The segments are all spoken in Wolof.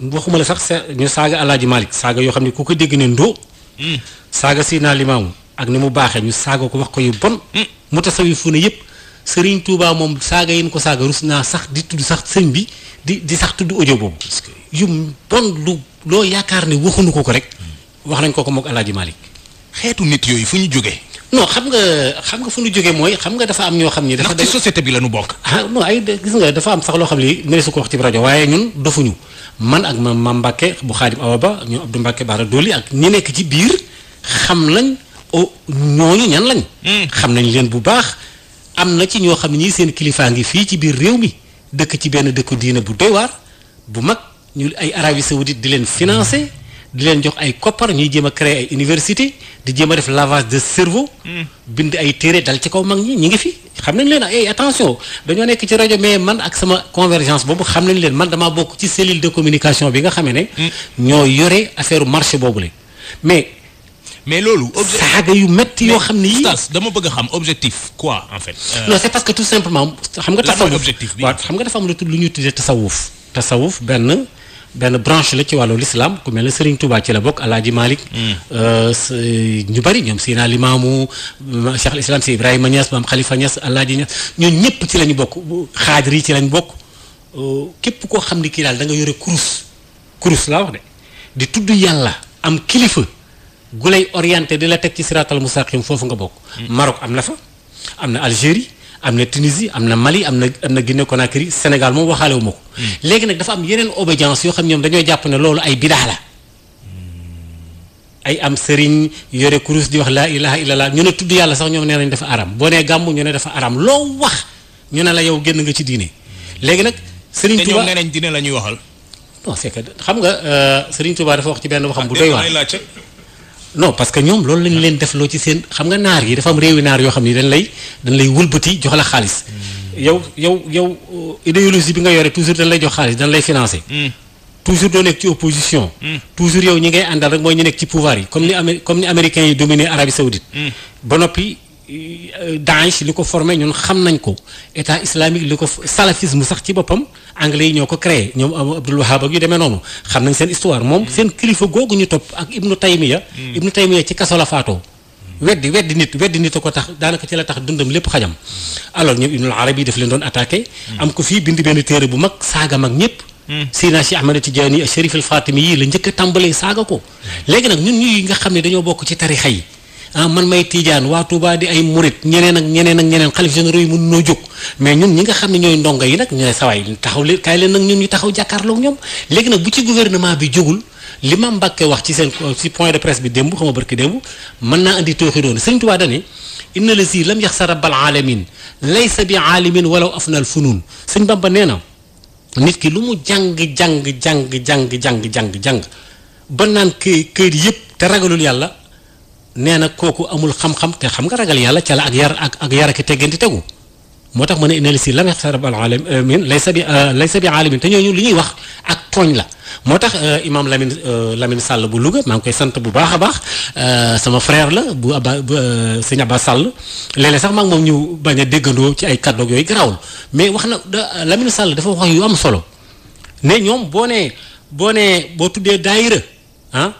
waxuma la sax sa ñu saaga Alaaji Malick saaga yoo xam ne ku ko dégg ne ndoo hmm. saaga naa Limaamu ak ni mu baaxee ñu saaga ko wax ko yu bon hmm. mu tasawi fu ne yëpp Sëriñ Tuubaa moom saaga yin ko saaga rus naa sax di tudd sax sëñ bi di di sax tudd audio boobu yu bon lu loo yaakaar ne waxuñu ko ko rek wax nañ ko ko mook Alaaji malik xeetu nit yooyu fu ñu jógee non xam nga xam nga fu nu jógee mooy xam nga dafa am ñoo xam ni dafa ci société bi la ñu bokk ah non ay gis nga dafa am sax loo xam li mënees ko wax ci rajo waaye ñun dofuñu man ak ma ma bu xaadim awa ba ñoom Abdou Mbacke Baara Doli ak ñi nekk ci biir xam lañ o ñooñu ñan lañ. Hmm. xam nañ leen bu baax. am na ci ñoo xam ne seen kilifaa ngi fii ci biir réew mi dëkk ci benn dëkku diina bu doy waar bu mag ñu ay Arabie Saoudite di leen financé. di leen jox ay koppar ñuy jéem a créer ay université di jéem a def lavage de cerveau. Hmm. bind ay téere dal ci kaw mag ñi ñi ngi fi. xam nañ leen ay attention dañoo nekk ci rajo mais man ak sama convergence boobu xam nañ leen man damaa bokk ci cellule de communication bi nga xamee ne. Hmm. ñoo yore affaire marché boobu la mais. mais loolu. saaga yu metti yoo xam ne stas dama bëgg a xam objectif quoi en fait. Euh, non c'est parce que tout simplement. xam nga tasawuf waaw xam nga dafa am lu ñu tuddee tasawuf tasawuf benn. benn branche la ci wàllu lislaam ku mel ne Serigne Touba ci la bokk Alaaji Malick mm. euh, euh, ñu bari ñoom Seydina Limaamu Cheikh al Islam si Ibrahima Niass maam Khalifa Niass Alaaji Niass ñoo ñëpp ci lañu bokk xaadir yi ci lañ bokk euh, képp koo xam ni kii daal da nga yore kurus kurus laa wax de di tudd yàlla am kilifa gu lay orienté di la teg ci siraatal mustaqim foofu nga bokk mm. Maroc am na fa am na Algérie am na Tunisie am na Mali am na am na Guinée Conakry Sénégal moom waxaale wu ko. Hmm. léegi nag dafa am yeneen obédience yoo xam ñoom dañoo jàpp ne loolu ay bidaa la ay am sëriñ yore kurus di wax laa ilaha illallah ñu ne tudd yàlla sax ñoom nee nañ dafa aram boo nee gàmmu ñu ne dafa aram loo wax ñu ne la yow génn nga ci diine léegi nag. sëriñ Touba te ñoom nee nañ diine la ñuy waxal. non que xam nga euh, sëriñ Touba dafa wax ci benn waxam bu ah, doy waar. non parce que ñoom loolu lañ leen def loo ci seen xam nga naar yi dafa am réewi naar yoo xam ni dañ lay dañ lay wëlbati jox la xaalis. Hmm. yow yow yow euh, idéologie bi nga yore toujours dañ lay jox xaalis dañ lay financer. Hmm. toujours doo nekk ci opposition. Hmm. toujours yow ñi ngay àndal rek mooy ñu nekk ci pouvoir yi comme ni comme yi dominé Arabie Saoudite. ba noppi. Daesh li ko formé ñun xam nañ ko état islamique li ko salafisme sax ci boppam anglais yi ñoo ko créé ñoom Abdul Wahab ak yu demee noonu xam nañ seen histoire moom seen kilifa googu ñu topp ak Ibnu Taymiya Ibnu Taymiya ci kaso la faatoo weddi weddi nit weddi nit ko tax daanaka ci la tax dundam lépp xajam alors ñoom Ibnul Arabi daf leen doon attaqué am ko fii bind benn téere bu mag saaga mag ñëpp Seyna Cheikh Ahmed Tidiane Cherif al Fatimi yi la njëkk a tàmbalee saaga ko léegi nag ñun ñuy nga xam dañoo bokk ci tarixa yi ah man may tiijaan waa tubaa di ay murit ñeneen ak ñeneen ak ñeneen xalif généraux yi mën noo jóg mais ñun ñi nga xam ne ñooy ndongo yi nag ñu ne sawaay taxaw leen kaay leen nag ñun ñu taxaw jàkkaarloog ñoom léegi nag bu ci gouvernement bi jógul li ma Mbàkke wax ci seen ci point de presse bi démb xama barki démb mën naa andi tooxi doon Sëriñ Tuubaa dane inna la si lam yax sa rabbal alamin laysa bi aalimin walaw afnal funun Sëriñ Bamba nee na nit ki lu mu jàng jàng jàng jàng jàng jàng jàng ba naan kë kër yëpp te ragalul yàlla nee na kooku amul xam-xam te xam nga ragal yàlla ca la ak yar ak ak yar ak teggeen di tegu moo tax ma ne inna si lam yaxsa rabbal alamin euh, laysa bi euh, laysa bi alamin te ñooñu li ñuy wax ak tooñ la moo tax euh, imaam Lamine Lamine Sall bu Louga maa ngi koy sant bu baax a baax sama frère la bu Aba sëñ Aba Sall léeg sax maa ngi moom ñu bañ a déggandoo ci ay kàddoog yooyu garawul mais wax na Lamine Sall dafa wax yu am solo ne ñoom boo nee boo nee boo tuddee daayira ah,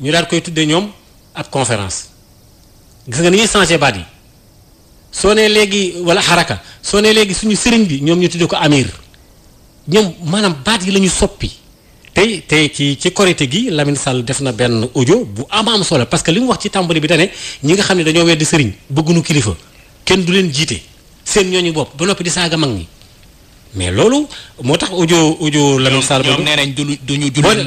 ñu daal koy tuddee ñoom à conférence gis nga ni ñuy changé baat yi soo nee léegi wala haraka. soo nee léegi suñu sëriñ bi ñoom ñu tuddee ko amir ñoom manam baat yi la ñu soppi tey tey ci ci korité gi Lamine Sall def na benn audio bu amam am solo parce que li mu wax ci tàmbali bi dane ñi nga xam ne dañoo weddi sëriñ bëgguñu kilifa kenn du leen jiite seen ñooñu bopp ba noppi di saaga mag ñi mais loolu moo audio audio Lamine Sall. ñoom ñoom duñu duñu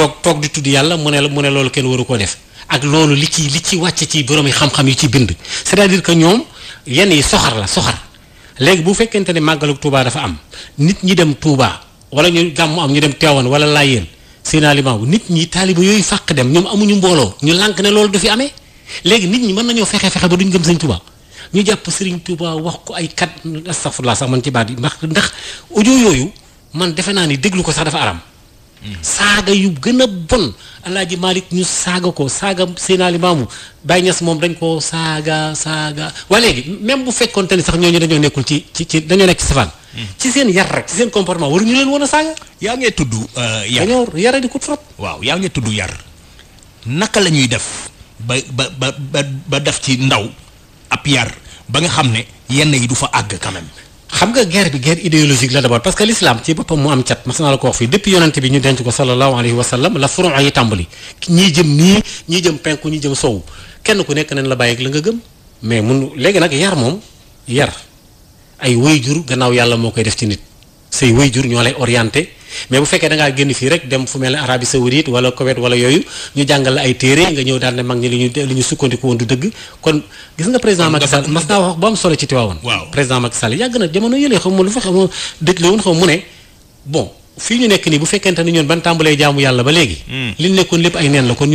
toog toog di tudd yàlla mu ne mu ne loolu kenn waru koo def ak loolu li ci li ci wàcc ci borom yi xam-xam yu ci bind c'est-à-dire que ñoom yenn yi soxar la soxar léegi bu fekkente ne màggalu Touba dafa am nit ñi dem Touba wala ñu gàmmu am ñu dem Teewan wala Layeen Seydina Limaamu nit ñi taaliba yooyu fàq dem ñoom amuñu mbooloo ñu lànk ne loolu du fi amee léegi nit ñi mën nañoo fexe fexe ba duñ gëm Sëñ Touba ñu jàpp Serigne Touba wax ko ay kat astaghfirullah sax man ci baat yi ndax ndax audio yooyu man defe naa ni déglu ko sax dafa aram Saga yu gëna a bon alaaji malik ñu saga ko saga seenaali maamu Baye Niass moom dañ ko saga saga waa même bu fekkon tane sax ñu dañu nekkul ci ci dañu nekk ci safaan hmm. ci seen yar rek ci seen comportement ñu leen woon a saaga yaa ngee euh, yar dañoo yara di ko frot waaw ya nga tuddu yar naka lañuy def ba ba ba ba def ci ndaw ap yar ba nga xamne yenn yi du fa ag quand même xam nga guerre bi guerre idéologique la d'abord parce que l'islam ci boppam mu am cat mas naa la ko wax fii depuis yonent bi ñu denc ko sallallahu alayhi wa sallam la furon yi tàmbali ñii jëm nii ñii jëm penku ñii jëm sow kenn ku nekk nañ la bàyyi ak la nga gëm mais mun léegi nag yar moom yar ay jur gannaaw yàlla moo koy def ci nit say jur ñoo lay orienté mais bu fekkee da ngaa génn fii rek dem fu mel ne Arabie Saoudite wala bu am solo ci Tiwaawoon président na jamono yëlee xaw la ba léegi hmm. la wax na ko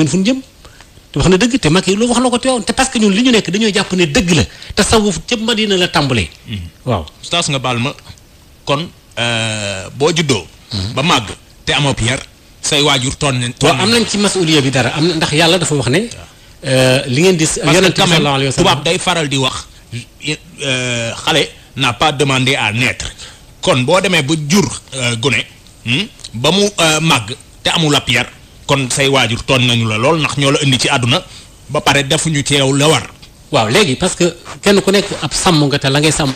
Tiwaawoon te parce que ñun li ñu nekk dañoo jàpp ne dëgg la te sawuf ca Madina la tàmbalee hmm. waaw oustaz nga baal ma kon euh, boo juddoo ba màgg te amoo pierre say waajur ton nen waaw am nañ ci masuliya bi dara am na ndax yàlla dafa wax ne euh, li ngeen di yonent bi sallallahu alayhi wa faral di wax euh, xale n'a pas demandé à naître kon boo demee ba jur euh, gone hmm, ba mu màgg te amul ab kon say waajur tooñ nañu la lool ndax ñoo la indi ci àdduna ba pare defuñu ci yow la war waaw léegi parce que kenn ku nekk ab sàmm nga te la ngay sàmm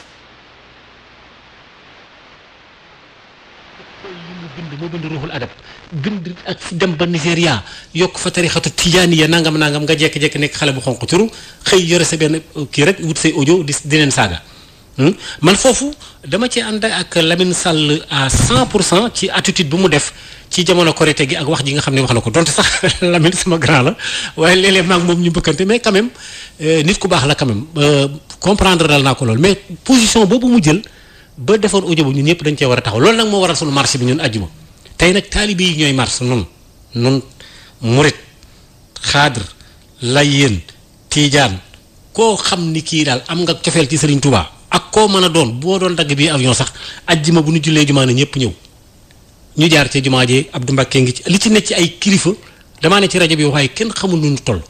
bënd ruhul adab bind ak fi dem ba nigeria yok fa tarixatu tijaniya nangam nangam nga jek jek nek xalé bu xonku turu xey yore sa ben ki rek wut say audio di di saga saaga man fofu dama ci and ak Lamine Sall a 100 ci attitude bu mu def ci jamono korite gi ak wax ji nga xam wax na donte sax Lamine sama grand la waye léeg mak mom ñu bëkkante mais quand même nit ku bax la quand même comprendre dal naa ko lool mais position bobu mu jël ba defoon audio bu ñun ñëpp dañ ci wara taxaw loolu nak mo waral sul marché bi ñun aljuma tey nag taalibe yi ñooy mars nun nun murit xaadir layeen tiijaan koo xam ni kii daal am nga cofeel ci Serigne Touba ak koo mën a doon boo doon dagg bii avion sax ajjuma bu ñu jullee jumaa ne ñëpp ñëw ñu jaar ci jumaa ji du Mbacké ngi ci li ci nekk ci ay kilifa damaa ne ci rajo bi waaye kenn xamul nu ñu toll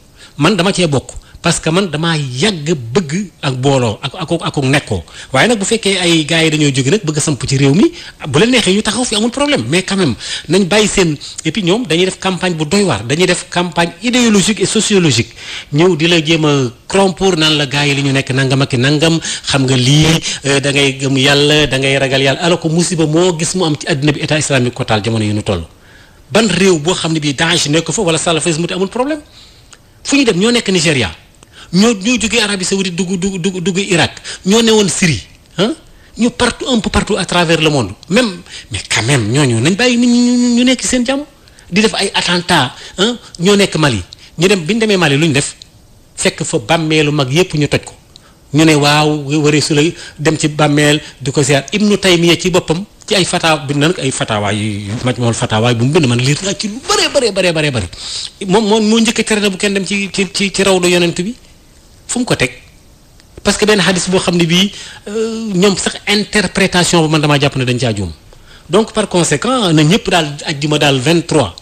man dama cee bokk parce que man damaa yàgg bëgg ak booloo ak ak ak nekkoo waaye nag bu fekkee ay gars yi dañoo jóge nag bëgg a samp ci réew mi bu leen neexee yu taxaw fi amul problème mais quand nañ bàyyi seen et dañuy def campagne bu doy waar dañuy def campagne idéologique sociologique ñëw di la jéem a corrompre naan la gars yi li ñu nekk nangam ak nangam xam nga lii euh, da ngay gëm yàlla da ngay ragal yàlla alors que musiba moo gis mu am ci àddina bi état islamique ko taal jamono yi ñu toll ban réew boo xam ne bii daange nekk fa wala salafisme te amul problème fu ñu dem ñoo nekk Nigéria ñoo ñoo jógee Arabie Saoudite dugg dugg dugg dugg Irak ñoo ne woon Syrie ah ñu partout un peu partout à travers le monde même mais quand ñoo ñooñu nañ bàyyi nit ñi ñu nekk seen jàmm di def ay attentat ñoo nekk Mali ñu dem bi ñu demee Mali lu ñu def fekk fa bàmmeelu mag yépp ñu toj ko ñu ne waaw waree su la dem ci bàmmeel di ko ziar Ibnu Taymiya ci boppam ci ay fata bi na ay fatawaay yu majmuul fatawaay bu mu bind man liir moom moom moo njëkk a tere na bu kenn dem ci ci ci raw do yonent bi fu mu ko teg parce que benn xadis boo xam ne bii euh, ñoom sax interprétation ba man damaa jàpp ne dañ caa juum donc par conséquent na ñëpp daal ajjuma daal 23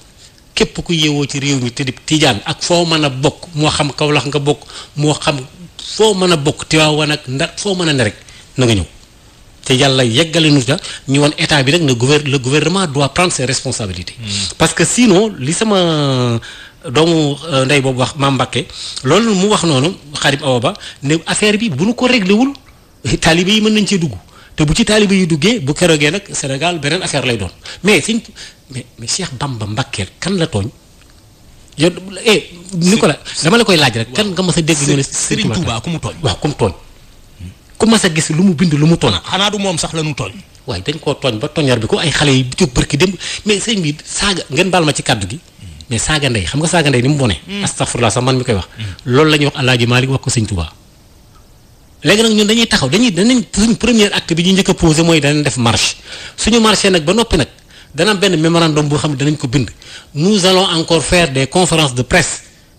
képp ku yeewoo ci réew mi te di tijaan ak foo mën a bokk moo xam Kawlax nga bokk moo xam foo mën a bokk Tiwaawan ak Ndar foo mën a ne rek na nga ñëw te yàlla yeggale nu ta ñu woon état bi rek ne gouver le gouvernement doit prendre ses responsabilités. Hmm. parce que sinon li sama. doomu euh, ndey boobu wax maam Mbakke loolu mu wax noonu xarit Awa Ba ne affaire bi bu nu ko réglé wul taalibe yi mën nañ cee dugg te bu ci taalibe yi duggee bu keroogee nag Sénégal beneen affaire lay doon mais sëñ mais mais Cheikh Bamba Mbakke kan la tooñ. yow eh Nicolas dama la koy laaj rek. kan nga mas a dégg ñu ne Serigne Touba ku ku mu tooñ gis lu mu bind lu mu tooñ. xanaa du moom sax la ñu tooñ. waaye dañ koo ba toñar bi ko ay xale yi jóg barki démb mais sëñ bi saaga ngeen baal ma ci kàddu gi. mais sagandey xam nga sagandey ndey ni mu bone hmm. astafurlah sax man mi koy wax hmm. loolu lañ wax alaaji malik wax ko sëñ touba légui nak ñun dañuy taxaw dañuy danañ suñ premier acte bi ñu njëkk poser moy mooy def marche suñu marché nak ba nopi nak dana ben memorandum mémorandum xam ne ko bind nous allons encore faire des conférences de presse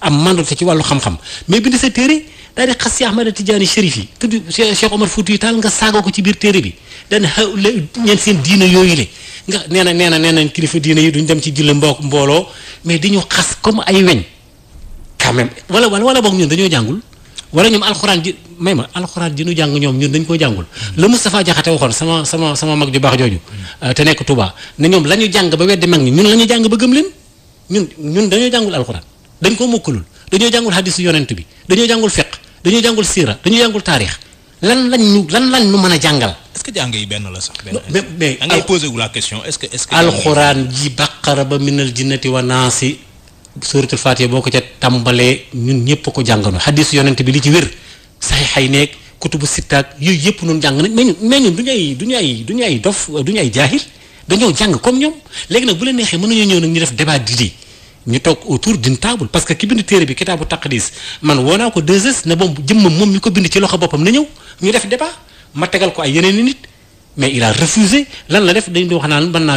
am mandul ci walu xam-xam mais bind sa téré daa di xas si ahmed tidiane shérif yi tudd cheikh omar fouti tal nga sago ko ci bir téré bi dan ñen seen diina yooyu le nga neena na neena kilifa diina yi duñ dem ci mbok mbolo mais di ñu comme ay weñ quand même wala wala wala bok ñun dañu jangul wala ñum alcorane di may alcorane di ñu jang ñom ñun dañ ko jangul le Moustapha Jaxate waxon sama sama sama mag ju bax joju euh, te nek Touba ne ñoom la ñu ba weddi mag ñi ñun lañu jang ba gëm leen ñun ñun dañu jangul alcorane dañ koo mokkalul dañoo jàngul hadisu yonent bi dañoo jàngul fiq dañoo jàngul siira dañoo jàngul taarix lan lañ ñu lan lañ ñu mën a jàngal. est que jàng yi benn la sax. benn mais mais da que est-ce que. alxuraan ji baqara ba minal jinnati wa naasi suuratul faatiha boo ko ca tàmbalee ñun ñëpp ko jàngandoo hadisu yonent bi li ci wér saxiixay nekk kutubu sittaak yooyu yëpp noonu jàng nañ mais ñun mais ñun du ñu ay du ay du ñu ay dof du ay jaahil dañoo jàng comme ñoom léegi nag bu la neexee mën nañoo ñëw nag ñu def débat d'idées ñu autour d'une table parce que ki bind bi kitaabu taqdis man woo 2S ne bom de mom mi bind ci loxo bopam na ñu def mais il a refusé lan la def dañ do wax naan na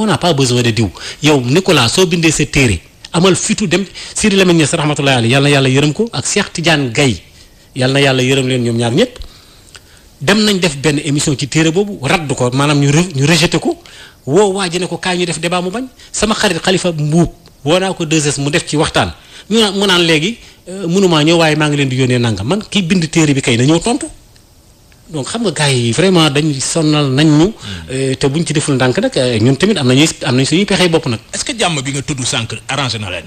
on n'a pas besoin de diw yow Nicolas so bindé sa téré amal fitu dem Sidi Lamine Niass alayhi yalla na ko ak Cheikh Tidiane gay yalla yalla len ñom ñaar dem nañ def benn émission ci téere boobu radd ko maanaam ñu ñu rejeté ko woo waa ji ne ko kaay ñu def debaa mu bañ sama xarit xalifa mbuub woo naa ko 2S mu def ci waxtaan ñu naan mu naan léegi euh, mënumaa ñëw waaye maa ngi leen di yónnee nangam man kii bind téere bi kay na tontu donc xam nga kaay yi vraiment dañ sonal nañ ñu. Euh, te ñu ci deful ndànk nag euh, ñun tamit am nañuy am nañ suñuy pexe bopp nag. est-ce que jàmm bi nga tudd sànq arrangé na leen.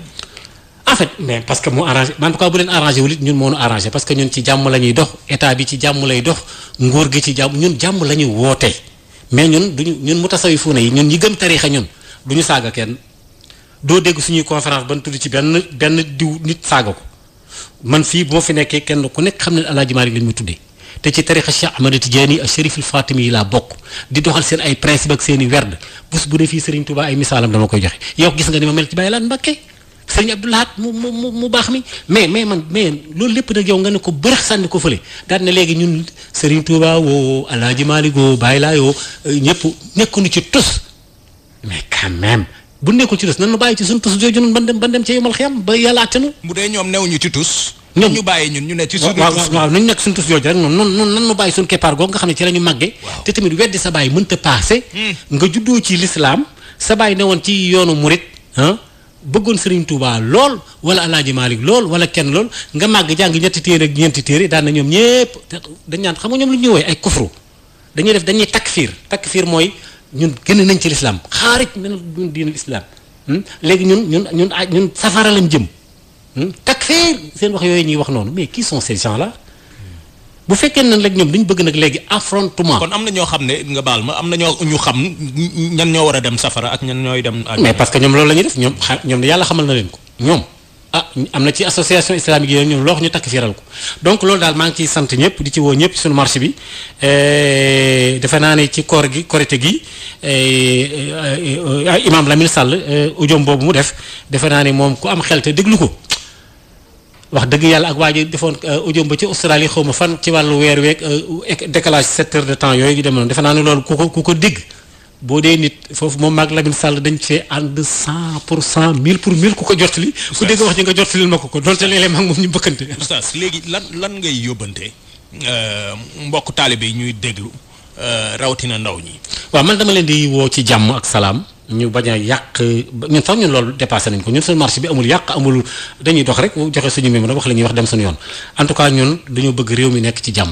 en fait mais parce que mu arrangé en tout cas bu leen arrangé wul it ñun moo nu arrangé ñun ci jàmm la dox état bi ci jàmm lay dox nguur gi ci jàmm ñun jàmm la ñuy woote mais ñun duñu ñun mu tasawifuuna yi ñun ñi gëm tariixa ñun du ñu saaga kenn doo dégg suñuy conférence ban tudd ci benn benn diw nit saaga ko man fii bu ma fi nekkee kenn ku nekk xam ne Alaaji Maalik lañ ma tuddee te ci tariixa Cheikh Ahmad Tijaani ak Chérif al Fatimi yi laa bokk di doxal seen ay principe ak seen i werd bés bu ne fii Serigne ay misaalam dama koy joxe yow gis nga ni ma mel ci sëñ Abdou Lahad mu mu mu baax mi mais mais man mais loolu lépp nag yow nga ne ko bërax sànni ko fële daan na léegi ñun Serigne Touba woo El Hadj Malick woo Baye Laye woo euh, ñëpp nekkuñu ci tus mais quand même bu nekkul ci tus nan nu bàyyi ci suñu tus jooju noonu ban dem ban dem ci yomal xiyam ba yàlla àtte nu. bu dee ñoom newuñu ci tus. ñoom ñu bàyyi ñun ñu ne ci suñu. waaw waaw nañu nekk suñu tus jooju rek noonu noonu nan nu bàyyi suñu keppaar googu nga xam ne ci la ñu màggee. te tamit weddi sa bàyyi mënta paase. Hmm. nga juddoo ci lislaam sa bàyyi ne woon ci yoonu murit ah, bëggoon Serigne Touba lool wala Alaaji Malick lool wala kenn lool nga màgg jàng ñetti téere ak ñeenti téere daan na ñoom ñépp dañ naan xam nga ñoom lu ñuy woy ay kufru dañuy def dañuy takfir takfir mooy ñun génn nañ ci lislaam xaarij min ñun diinul islaam hmm? léegi ñun ñun ñun ñun safara lañ jëm hmm? takfir seen wax yooyu ñuy wax noonu mais qui sont ces gens là bu fekkee ne nag ñoom dañu bëgg nag léegi affrontement. kon am na ñoo xam ne nga baal ma am na ñoo ñu xam ñan ñoo war a dem safara ak ñan ñooy dem. mais parce que ñoom loolu la def ñoom ñoom yàlla xamal na leen ko ñoom. ah am na ci association islamique yi ñoom loo ñu takk firal ko donc loolu daal maa ngi ciy sant ñëpp di ci woo ñëpp suñu marché bi eh, defe naa ne ci koor gi korite gi eh, eh, ah, imaam Lamine Sall ujoom boobu mu def defe naa ne moom ku am xel te déglu ko. wax dëgg yàlla ak waaj ji defoon euh, audio ba ci Australie xaw ma fan ci wàllu weer weeg euh, décalage 7 de temps yooyu dem noonu defe ne loolu ku ko ku ko dégg boo dee nit foofu moom mag Lamine sàll dañ cee ànd 100 pour 100 1000 pour 1000 ku ko jottali. ku dégg wax ji nga jot jottalil ma ko ko donte léeg-léeg maag moom ñu bëkkante. oustaz léegi lan lan ngay yóbbante euh, mbokk taalibe yi ñuy déglu rawatina ndaw ñi. waaw man dama leen di woo ci jàmm ak salaam. ñu bañ yàq ñun sax ñun loolu dépassé nañ ko ñun suñu marché bi amul yàq amul dañuy dox rek joxe suñu mem wax la ñuy wax dem suñu yoon en tout cas ñun dañoo bëgg réew mi nekk ci jàmm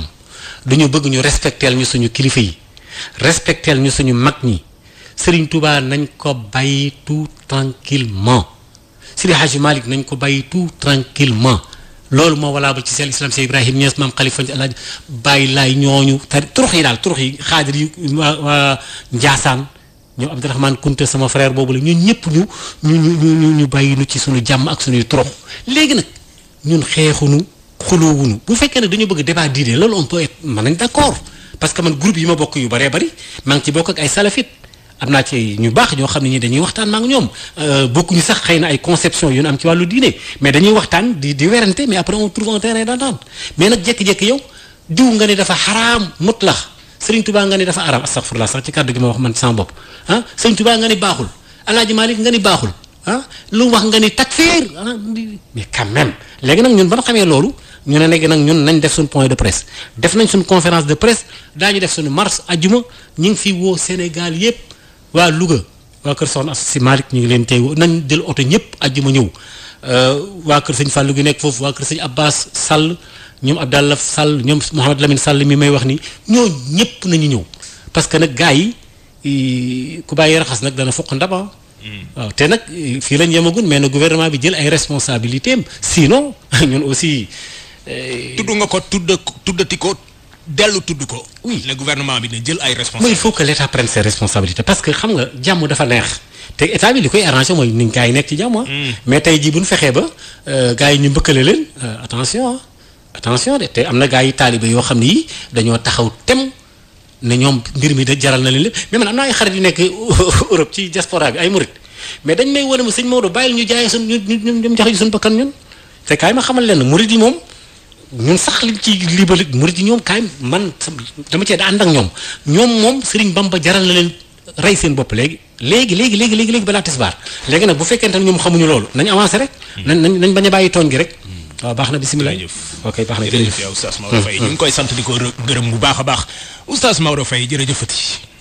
dañoo bëgg ñu respecteel ñu suñu kilifa yi respecteel ñu suñu mag ñi sëriñ Touba nañ ko bàyyi tout tranquillement Seydi Hadji Malick nañ ko bàyyi tout tranquillement loolu moo valable ci seen islam si Ibrahim Niass maam Khalifa Alaaji bàyyi laay ñooñu te turux yi daal turux yi xaadir yi waa Njaasaan ñoom Abdourahmane Kunte sama frère boobu la ñun ñëpp ñu ñu ñu ñu bàyyi nu ci suñu jàmm ak suñuy trop léegi nag ñun xeexunu xulóowunu bu fekkee nag dañu bëgg débat diine loolu om peut être mën nañ d' parce que man groupe yi ma bokk yu baree bari maa ngi ci bokk ak ay salafit am naa ci ñu baax ñoo xam ne ñi dañuy waxtaan ma ak ñoom euh, bokkuñu sax xëy na ay conception yu ñu am ci wàllu diine mais dañuy waxtaan di di werante mais après on trouve un terrain mais nag jékki-jékki yow diw nga ne dafa xaraam mutlax Serigne Touba nga ni dafa arab astaghfirullah sax ci kaddu gi ma wax man sans bop ah Serigne Touba nga ni baxul Alaaji Malik nga ni baxul ah lu wax nga ni takfir ah, mais quand même legui nak ñun ba xamé lolu ñu ne legui nak ñun nañ def sun point de presse def nañ sun conférence de presse dañu def sun mars aljuma ñi ngi fi wo Sénégal yépp wa Louga wa keur son assi malik ñu ngi leen tey nañ jël oto ñëpp ajuma ñëw euh, wa keur serigne fallu gi nek fofu wa keur serigne Abbas Sall ñoom Abdallah Sall ñoom Mouhamed Lamine Sall mi may wax ni ñoo ñëpp nañu ñëw parce que nag gars yi ku bàyyi raxas nag dana foq ndaba ah. hmm. waaw te nag fii lañ yemagun mais na gouvernement bi jël ay responsabilités am sinon ñun aussi. E, tudd nga ko tudd tuddati ko dellu tudd ko. oui le bi ne jël ay responsabilités. il faut que l' état prenne parce que xam nga jàmm dafa neex. te état bi li koy arrangé mooy ni gars yi nekk ci jàmm ah. hmm. mais tey jii bu ñu fexee ba e, gars yi ñu mbëkkale leen e, attention. Ah. attention de te am na gaa yi taalibe yoo xam ne yi dañoo taxaw tem ne ñoom mbir mi da jaral na leen lépp mais man am na ay xarit yu nekk Europe ci diaspora bi ay murit mais dañ may wane ma sëñ Maodo ma xamal leen murit yi moom ñun sax liñ ci libali murit yi ñoom kaay man dama cee da ànd ak ñoom ñoom moom Sëriñ ba jaral na leen rey seen bopp léegi léegi léegi léegi léegi léegi balaa tisbaar léegi nag bu fekkente ne ñoom xamuñu loolu nañ avancé rek. Hmm. nañ nañ nañ a tooñ gi rek. Hmm. waaw baax na bisimilah ok baax na jërëjëf jërëjëf yow Oustaz Maodo Faye hmm. ñu ngi koy sant di ko gërëm bu baax a baax Oustaz Maodo Faye jërëjëfati